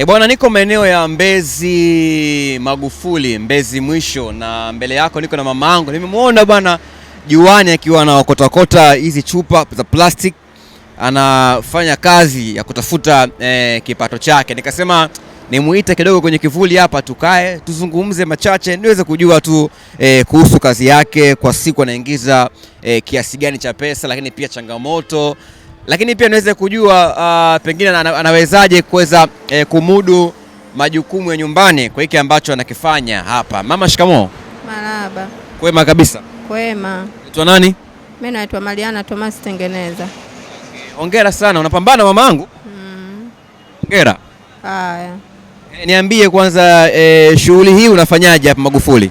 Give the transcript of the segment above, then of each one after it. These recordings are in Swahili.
E bwana, niko maeneo ya Mbezi Magufuli, Mbezi mwisho, na mbele yako niko na mamangu. Nimemwona bwana juani akiwa anaokotakota hizi chupa za plastic, anafanya kazi ya kutafuta eh, kipato chake. Nikasema nimuite kidogo kwenye kivuli hapa, tukae tuzungumze machache, niweze kujua tu eh, kuhusu kazi yake, kwa siku anaingiza eh, kiasi gani cha pesa, lakini pia changamoto lakini pia niweze kujua uh, pengine anawezaje kuweza eh, kumudu majukumu ya nyumbani kwa hiki ambacho anakifanya hapa. Mama, shikamoo. Marahaba. Kwema kabisa. Kwema. Naitwa nani? Mimi naitwa Mariana Thomas Tengeneza. Okay. Hongera sana, unapambana yangu. Mm. Hongera. Haya. E, niambie kwanza e, shughuli hii unafanyaje hapa Magufuli?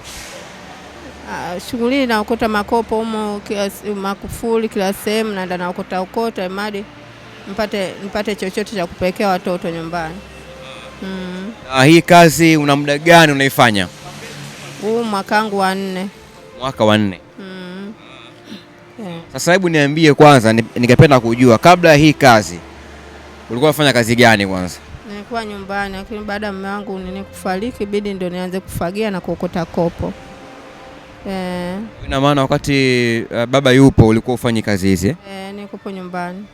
shughuli naokota makopo humo makufuli kila sehemu, naenda naokota ukota imadi mpate, mpate chochote cha kupelekea watoto nyumbani. Mm. Ah, hii kazi una muda gani unaifanya? Huu mwaka wangu wa nne. Mwaka wa nne. Mm. Yeah. Sasa hebu niambie kwanza, ningependa kujua kabla ya hii kazi ulikuwa unafanya kazi gani kwanza? Nilikuwa nyumbani, lakini baada ya mume wangu nini kufariki, bidi ndio nianze kufagia na kuokota kopo. Eh. Ina maana wakati uh, baba yupo ulikuwa ufanyi kazi hizi? Eh, nikupo nyumbani.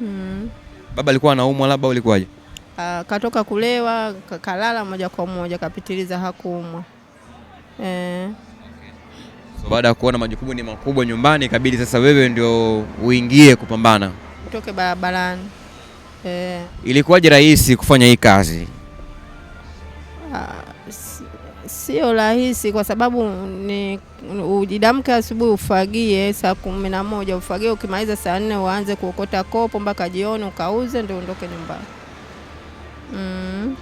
Mm. Baba alikuwa anaumwa labda ulikuwaje? Uh, katoka kulewa kalala moja kwa moja kapitiliza hakuumwa. Eh. So, baada ya kuona majukumu ni makubwa nyumbani ikabidi sasa wewe ndio uingie kupambana utoke barabarani. Eh. Ilikuwaje rahisi kufanya hii kazi? Uh. Sio rahisi kwa sababu ni ujidamke asubuhi ufagie saa kumi na moja ufagie, ukimaliza saa nne uanze kuokota kopo mpaka jioni ukauze, ndio uondoke nyumbani mm.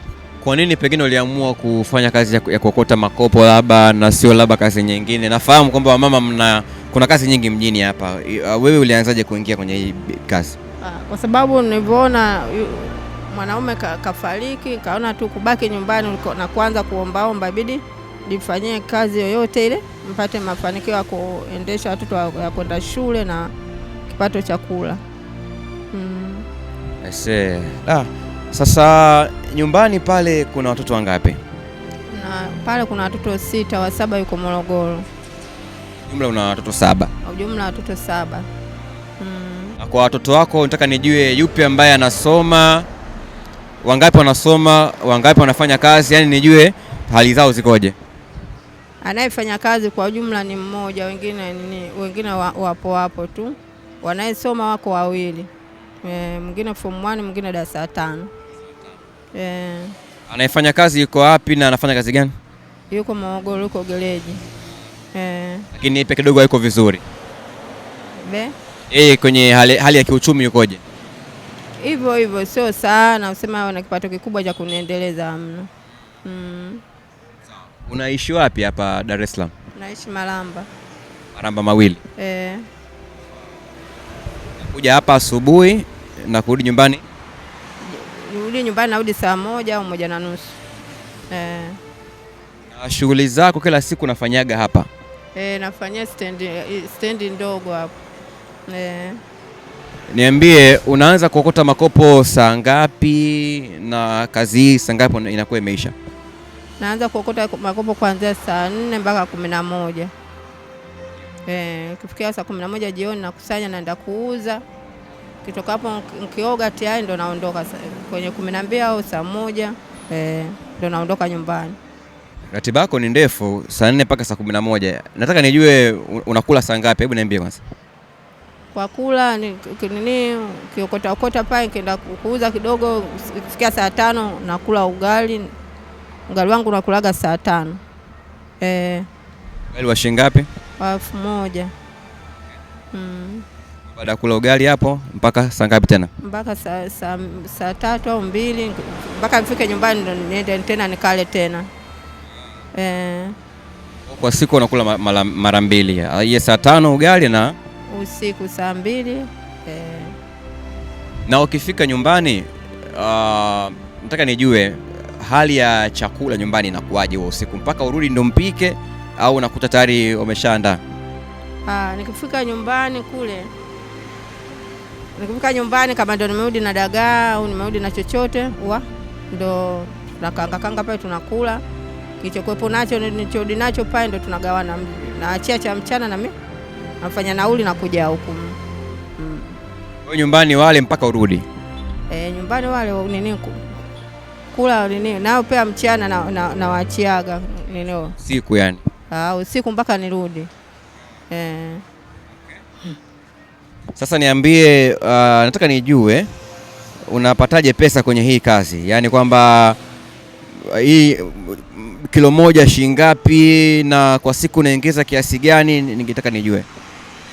Kwa nini pengine uliamua kufanya kazi ya kuokota makopo labda na sio labda kazi nyingine? Nafahamu kwamba wamama mna kuna kazi nyingi mjini hapa, wewe ulianzaje kuingia kwenye hii kazi? Ah, kwa sababu nilivyoona mwanaume kafariki, kaona tu kubaki nyumbani na kuanza kuombaomba, bidi nifanyie kazi yoyote ile mpate mafanikio ya kuendesha watoto ya kwenda shule na kipato cha kula mm. Ah, sasa nyumbani pale kuna watoto wangapi? Na pale kuna watoto sita, wa saba yuko Morogoro. Jumla una watoto saba? Jumla watoto saba mm. Kwa watoto wako nataka nijue yupi ambaye anasoma wangapi wanasoma, wangapi wanafanya kazi, yani nijue hali zao zikoje. Anayefanya kazi kwa jumla ni mmoja, wengine ni, wengine wapo wapo tu, wanayesoma wako wawili e, mwingine form 1 mwingine darasa la tano e. Anayefanya kazi yuko wapi na anafanya kazi gani? Yuko Morogoro, yuko gereji e. Lakini ipe kidogo haiko vizuri e, kwenye hali, hali ya kiuchumi yukoje? hivyo hivyo, sio sana usema wana kipato kikubwa cha kuniendeleza mno Mm. Unaishi wapi hapa Dar es Salaam? Naishi maramba maramba mawili. Eh. Kuja hapa asubuhi na kurudi nyumbani? Kurudi nyumbani narudi saa moja au moja na nusu. Eh. Na shughuli zako kila siku nafanyaga hapa? Eh, nafanyia stendi, stendi ndogo hapo. Eh. Niambie, unaanza kuokota makopo saa ngapi na kazi hii saa ngapi inakuwa imeisha? Naanza kuokota makopo kuanzia saa nne mpaka kumi na moja. Eh, kifikia saa kumi na moja jioni nakusanya naenda kuuza. Kitoka hapo nkioga tayari ndo naondoka kwenye kumi na mbili au saa moja eh, ndo naondoka nyumbani. Ratiba yako ni ndefu, saa nne mpaka saa kumi na moja. Nataka nijue unakula saa ngapi? Hebu niambie kwanza kwa kula nini, kiokota okota pale nikaenda kuuza kidogo, kufikia saa tano nakula ugali. Ugali wangu nakulaga saa tano e, ugali wa shilingi ngapi? wa elfu moja mm. Baada ya kula ugali hapo mpaka saa ngapi tena? Mpaka saa sa, sa tatu au mbili mpaka nifike nyumbani niende tena nikale tena e. Kwa siku unakula mara mbili, iye saa tano ugali na usiku saa mbili eh. Na ukifika nyumbani uh, nataka nijue hali ya chakula nyumbani inakuwaje wa usiku mpaka urudi ndo mpike au unakuta tayari umeshaanda Ah, nikifika nyumbani kule, nikifika nyumbani kama ndo nimerudi na dagaa au nimerudi na chochote wa ndo na kanga pale tunakula, kilichokuwepo nacho nilichorudi nacho pale ndo tunagawana, naachia cha mchana na mimi nafanya nauli na kuja huku mm. nyumbani wale mpaka urudi? E, nyumbani wale nini kula nini nao pia mchana na, na, na nini siku yani ah, usiku mpaka nirudi e. Sasa niambie, uh, nataka nijue unapataje pesa kwenye hii kazi, yaani kwamba uh, hii kilo moja shilingi ngapi, na kwa siku naingiza kiasi gani? Ningetaka nijue.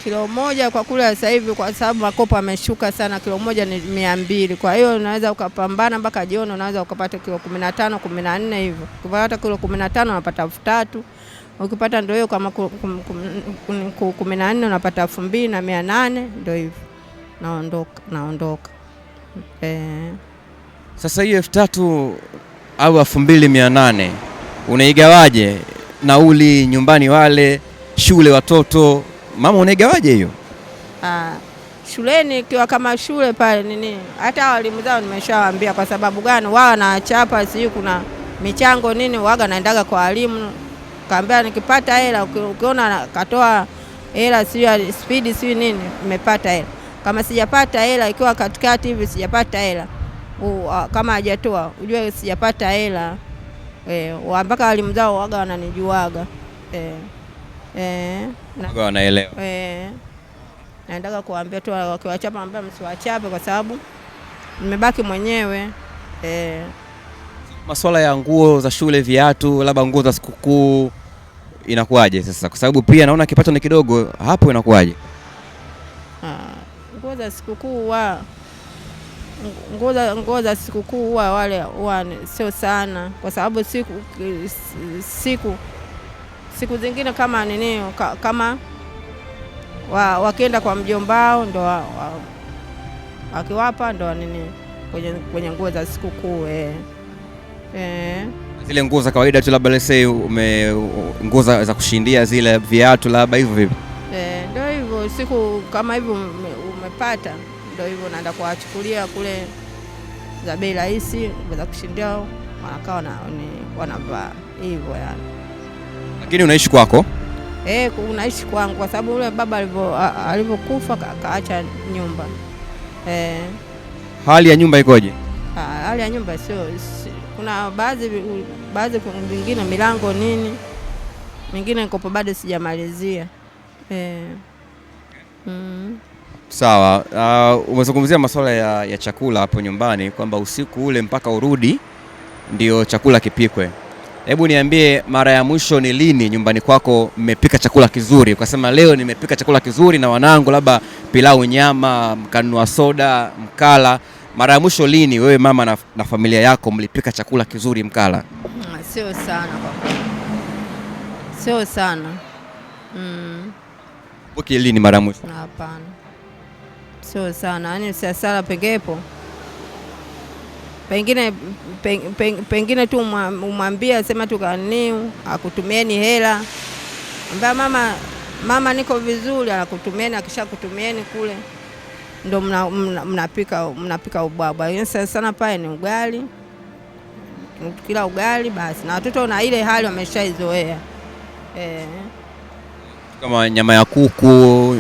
Kilo moja kwa kule sasa hivi, kwa sababu makopo ameshuka sana, kilo moja ni mia mbili. Kwa hiyo unaweza ukapambana mpaka jioni, unaweza ukapata kilo kumi na tano kumi na nne hivyo. Ukipata kilo kumi na tano unapata elfu tatu ukipata ndo hiyo kama kumi na nne unapata elfu mbili na mia nane ndo hivyo, naondoka naondoka. E, sasa hiyo elfu tatu au elfu mbili mia nane unaigawaje? Nauli nyumbani, wale shule watoto Mama, unaigawaje hiyo? Ah, shuleni kiwa kama shule pale nini, hata walimu zao nimeshawaambia kwa sababu gani wao wanachapa, sijui kuna michango nini, waga naendaga kwa walimu, kaambia nikipata hela, ukiona katoa hela sijui spidi sijui nini, nimepata hela kama sijapata hela, ikiwa katikati hivi sijapata hela kama hajatoa ujue sijapata hela e, mpaka walimu zao waga wananijuaga e. Eh, na wanaelewa. Eh. Naendaga kuambia tu wakiwachapa ambao msiwachape kwa sababu nimebaki mwenyewe. Eh. Masuala ya nguo za shule, viatu, labda nguo za sikukuu inakuwaje sasa? Kwa sababu pia naona kipato ni kidogo hapo, inakuwaje? Ah, nguo za sikukuu nguo za sikukuu huwa wale huwa sio sana, kwa sababu siku siku siku zingine kama nini, kama wa, wakienda kwa mjombao ndo wa, wa, wakiwapa ndo nini kwenye, kwenye nguo za sikukuu eh. Eh. Zile nguo za kawaida tu labda lese ume nguo za kushindia zile viatu labda hivyo vipi? Eh, ndio hivyo siku kama hivyo ume, umepata ndio hivyo naenda kuwachukulia kule za bei rahisi za kushindia wanakaa wanavaa hivyo yani. Lakini unaishi kwako? Eh, unaishi kwangu kwa sababu yule baba alivyokufa akaacha nyumba e. Hali ya nyumba ikoje? Ha, hali ya nyumba sio, kuna baadhi baadhi vingine milango nini mingine nikopo bado sijamalizia e. mm. Sawa. Uh, umezungumzia masuala ya, ya chakula hapo nyumbani kwamba usiku ule mpaka urudi ndio chakula kipikwe. Hebu niambie mara ya mwisho ni lini nyumbani kwako mmepika chakula kizuri ukasema leo nimepika chakula kizuri na wanangu, labda pilau nyama, mkanua soda mkala? Mara ya mwisho lini wewe mama na, na familia yako mlipika chakula kizuri mkala? Sio sana, sio sana mm. Lini mara ya mwisho? Hapana, sio sana, yaani siasara pengepo pengine pengine tu umwambie asema tukanii akutumieni hela, ambaye mama, mama niko vizuri, anakutumieni akishakutumieni kule ndo mnapika mna, mna mnapika ubwabwa yaani sana sana, pale ni ugali, kila ugali basi, na watoto na ile hali wameshaizoea e. Kama nyama ya kuku,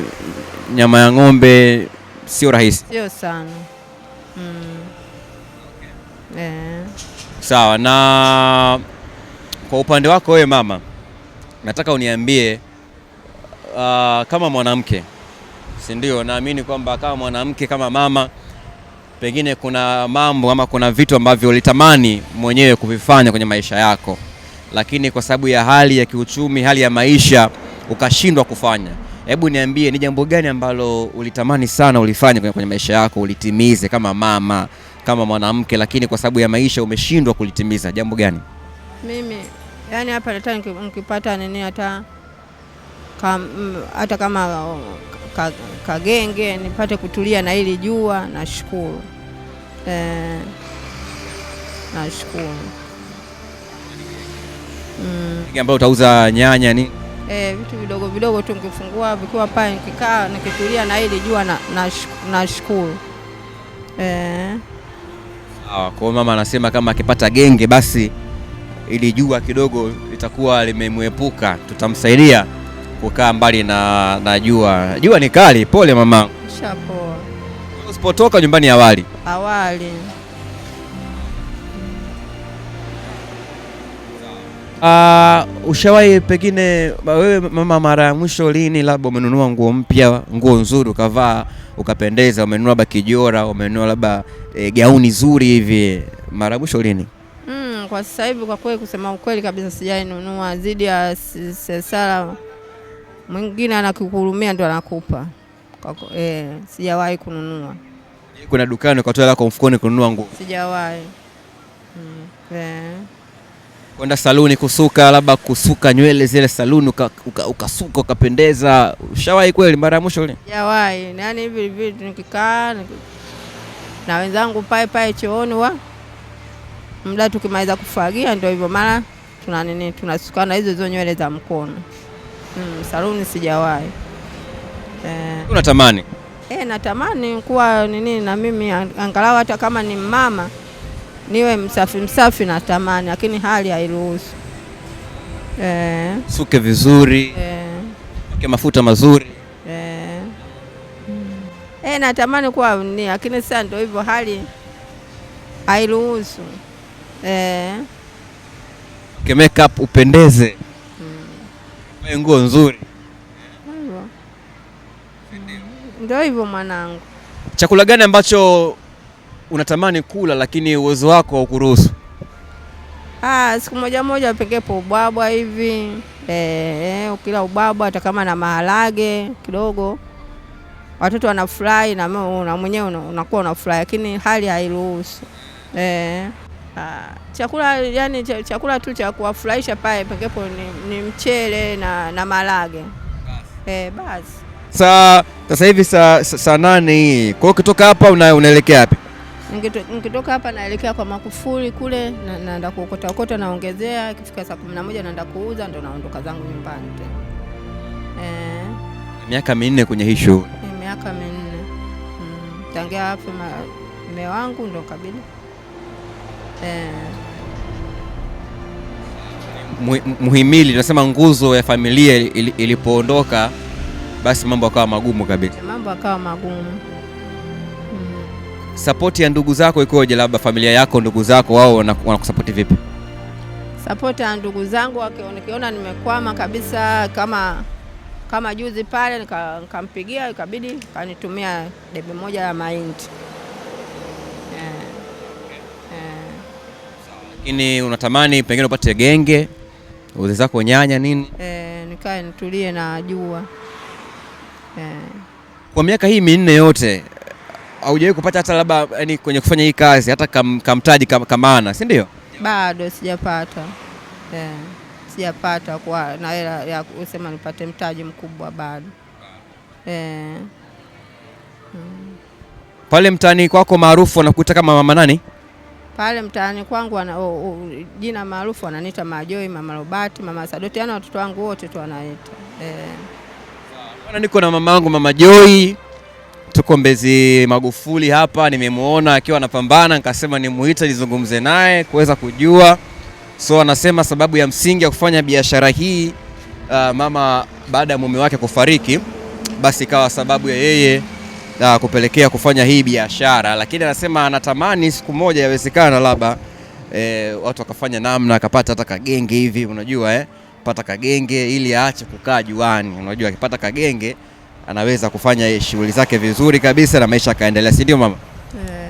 nyama ya ng'ombe sio rahisi, sio sana mm. Eh. Sawa. Na kwa upande wako wewe mama, nataka uniambie uh, kama mwanamke, si ndio? Naamini kwamba kama mwanamke, kama mama, pengine kuna mambo ama kuna vitu ambavyo ulitamani mwenyewe kuvifanya kwenye maisha yako, lakini kwa sababu ya hali ya kiuchumi, hali ya maisha, ukashindwa kufanya. Hebu niambie ni jambo gani ambalo ulitamani sana ulifanye kwenye maisha yako, ulitimize kama mama kama mwanamke, lakini kwa sababu ya maisha umeshindwa kulitimiza jambo gani? Mimi yani hapa hata nikipata nini hata hata kama kagenge ka nipate kutulia na hili jua, nashukuru e, nashukuru mm. ambayo utauza nyanya ni e, eh, vitu vidogo vidogo tu nikifungua vikiwa pale nikikaa nikitulia na hili jua, nashukuru na, na e. Ah, kwa hiyo mama anasema kama akipata genge basi ili jua kidogo litakuwa limemwepuka, tutamsaidia kukaa mbali na, na jua. Jua ni kali. Pole mama, ushapoa. Usipotoka nyumbani awali awali Uh, ushawahi pengine wewe mama, mara ya mwisho lini labda umenunua nguo mpya, nguo nzuri ukavaa ukapendeza, umenunua labda kijora, umenunua labda e, gauni zuri hivi, mara ya mwisho lini? Mm, kwa sasa hivi kwa kweli, kusema ukweli kabisa, sijainunua zidi ya sala. Mwingine anakuhurumia ndo anakupa e, sijawahi kununua. Kuna dukani ukatoa hela mfukoni kununua nguo? Sijawahi mm, yeah kwenda saluni kusuka, labda kusuka nywele zile saluni uka, uka, ukasuka ukapendeza. Ushawahi kweli mara ya mwisho ile? Yawahi, yaani hivi hivi nikikaa na wenzangu pae pae chooni wa muda tukimaliza kufagia ndio hivyo mara tuna nini tunasukana hizo hizo nywele za mkono. Mm, saluni sijawahi. Eh, unatamani? Eh, natamani kuwa nini na mimi angalau hata kama ni mama niwe msafi msafi na tamani, lakini hali hairuhusu e. Suke vizuri e. mafuta mazuri e. E, natamani kuwa ni lakini sasa ndio hivyo, hali hairuhusu e. Makeup upendeze mm. Nguo nzuri ndio hivyo mwanangu. Chakula gani ambacho unatamani kula lakini uwezo wako haukuruhusu? Ah, siku moja moja pengepo ubwabwa hivi eh, ukila ubwabwa hata kama na maharage kidogo, watoto wanafurahi na mwenyewe unakuwa unafurahi, lakini hali hairuhusu eh. Ah, chakula yani ch chakula tu cha kuwafurahisha pale pengepo ni, ni mchele na, na malage eh, basi. Sasa hivi saa sa, nane hii, kwa hiyo ukitoka hapa unaelekea wapi? nikitoka hapa naelekea kwa Makufuri kule, naenda kuokotaokota kuokota okota, naongezea. Ikifika saa kumi na moja naenda kuuza, ndo naondoka zangu nyumbani tena. E, miaka minne kwenye hii shughuli eh, miaka minne mm, tangia hapo mume wangu ndo kabili e. Muhimili tunasema nguzo ya familia ilipoondoka, basi mambo akawa magumu kabisa, mambo akawa magumu sapoti ya ndugu zako ikoje? Labda familia yako, ndugu zako, wao wanakusapoti vipi? Sapoti ya ndugu zangu, nikiona nimekwama kabisa, kama kama juzi pale nikampigia nika ikabidi kanitumia debe moja ya mahindi yeah. yeah. unatamani pengine upate genge uze zako nyanya nini? Eh, nikae nitulie na jua eh. Kwa miaka hii minne yote haujawahi kupata hata labda yani kwenye kufanya hii kazi hata kam, kamtaji kam, kamana si ndio? Bado sijapata yeah. Sijapata kwa na hela ya kusema nipate mtaji mkubwa bado yeah. mm. Pale mtaani kwako maarufu wanakuita kama mama nani? Pale mtaani kwangu wana, o, o, jina maarufu wananiita Majoi, Mama Robati, Mama Sadoti, yaani watoto wangu wote tu wanaita yeah. Niko na mama yangu Mama Joi tuko Mbezi Magufuli hapa, nimemwona akiwa anapambana, nikasema nimuite nizungumze naye kuweza kujua. So anasema sababu ya msingi ya kufanya biashara hii uh, mama baada ya mume wake kufariki, basi ikawa sababu ya yeye uh, kupelekea kufanya hii biashara, lakini anasema anatamani siku moja yawezekana labda eh, watu wakafanya namna akapata hata kagenge hivi, unajua eh, pata kagenge ili aache kukaa juani, unajua akipata kagenge anaweza kufanya shughuli zake vizuri kabisa na maisha akaendelea, si ndio mama? Eh.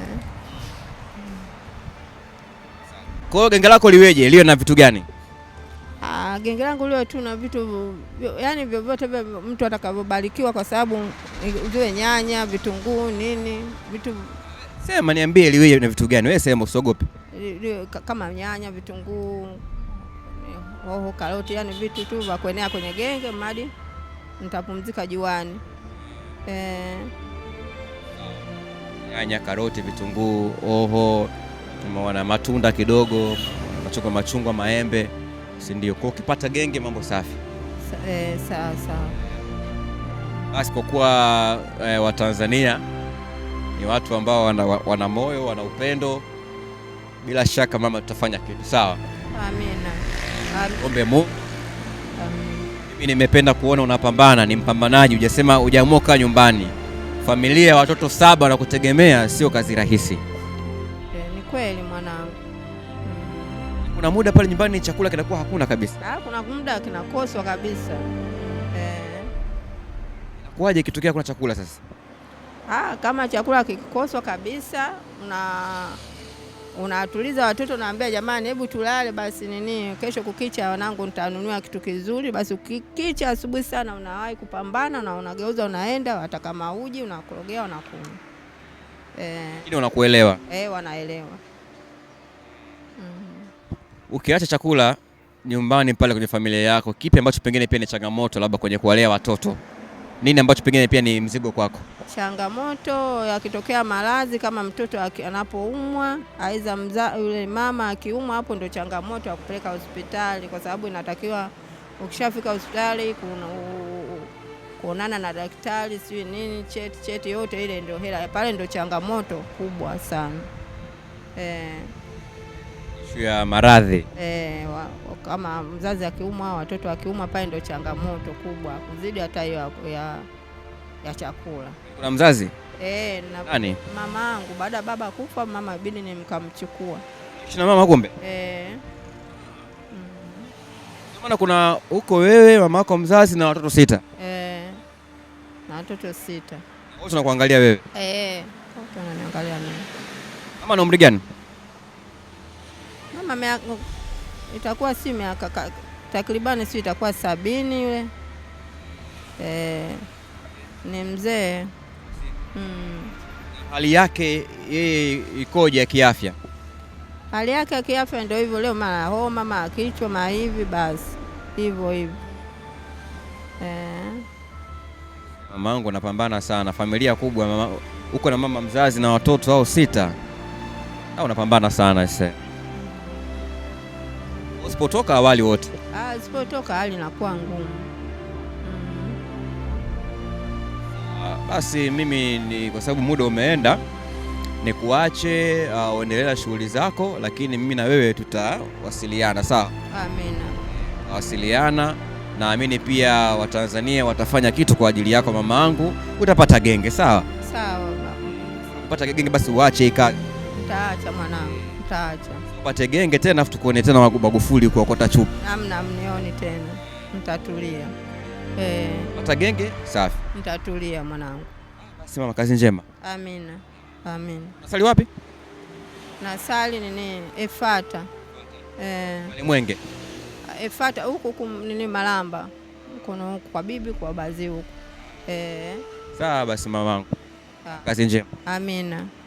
Kwa hiyo genge lako liweje, liwe na vitu gani? Ah, genge langu liwe tu na vitu yani vyovyote vya mtu atakavyobarikiwa, kwa sababu ziwe nyanya, vitunguu, nini vitu. Sema niambie, liwe na vitu gani? Wewe sema, usogope. Kama nyanya, vitunguu, hoho, karoti, yani vitu tu vya kuenea kwenye genge madi nitapumzika juani eh. Nyanya, karoti, vitunguu, hoho, tumeona matunda kidogo, machungwa, machungwa, maembe, si ndio? Kwa ukipata genge, mambo safi. Eh, sawa sawa. Basi kwa kuwa eh, Watanzania ni watu ambao wana, wana moyo wana upendo, bila shaka mama, tutafanya kitu sawa. Amina. Ombe Mungu. Amina mimi nimependa kuona unapambana, ni mpambanaji, hujasema hujaamua kaa nyumbani. Familia ya watoto saba na kutegemea sio kazi rahisi. E, ni kweli mwanangu. Mm. Kuna muda pale nyumbani chakula kinakuwa hakuna kabisa. Ha, ah, kuna muda kinakoswa kabisa. Eh. Inakuwaje ikitokea kuna chakula sasa? Ha, ah, kama chakula kikikoswa kabisa una unawatuliza watoto, naambia jamani, hebu tulale basi nini, kesho kukicha wanangu nitanunua kitu kizuri. Basi ukikicha asubuhi sana unawahi kupambana na unageuza, unaenda wataka mauji, unakorogea, unakunywa eh, unakuelewa eh, wanaelewa mm. Ukiacha chakula nyumbani pale kwenye familia yako, kipi ambacho pengine pia ni changamoto labda kwenye kuwalea watoto? nini ambacho pengine pia ni mzigo kwako? Changamoto yakitokea maradhi kama mtoto anapoumwa, aidha yule mama akiumwa, hapo ndo changamoto ya kupeleka hospitali, kwa sababu inatakiwa ukishafika hospitali kuonana na daktari, sijui nini, cheti cheti, yote ile ndio hela pale, ndio changamoto kubwa sana eh ya maradhi e, kama mzazi akiumwa, watoto akiumwa, pale ndio changamoto kubwa kuzidi hata hiyo ya, ya chakula. Kuna mzazi eh, na mama angu baada ya baba kufa, mama bidi nimkamchukua shina mama kumbe e. Maana kuna huko wewe mama yako mzazi na watoto sita e, na watoto sita wote tunakuangalia wewe e, wote wananiangalia mimi. Mama na umri gani? kama itakuwa si miaka takribani, si itakuwa sabini yule e, ni mzee hmm. Hali yake yeye ikoje ya kiafya? Hali yake ya kiafya ndio hivyo, leo mara homa, mara kichwa, mara hivi, basi hivyo hivyo e. Eh. Mama anapambana sana, familia kubwa mama, uko na mama mzazi na watoto au sita, au unapambana sana sasa? Wasipotoka awali wote, wasipotoka ah, hali inakuwa ngumu. Ah, basi mimi ni kwa sababu muda umeenda, ni kuache uh, ah, uendelea shughuli zako, lakini mimi na wewe tutawasiliana, sawa? Amina. Wasiliana, naamini pia Watanzania watafanya kitu kwa ajili yako mamaangu, utapata genge, sawa? Sawa baba. Utapata genge, basi uache kazi Nitaacha mwanangu hatutaacha. Pate genge tena afu tukuone tena Magufuli kuokota chupa. namna mnioni tena, mtatulia. Eh. Pata genge safi, mtatulia mwanangu. Sema makazi kazi njema. Amina, amina. Nasali wapi? Nasali nini? Efata. Eh. Ni Mwenge. Efata huku nini, Malamba mkono huku kwa bibi kwa bazi huku. Eh. Sawa basi mamangu, ah. kazi njema. Amina.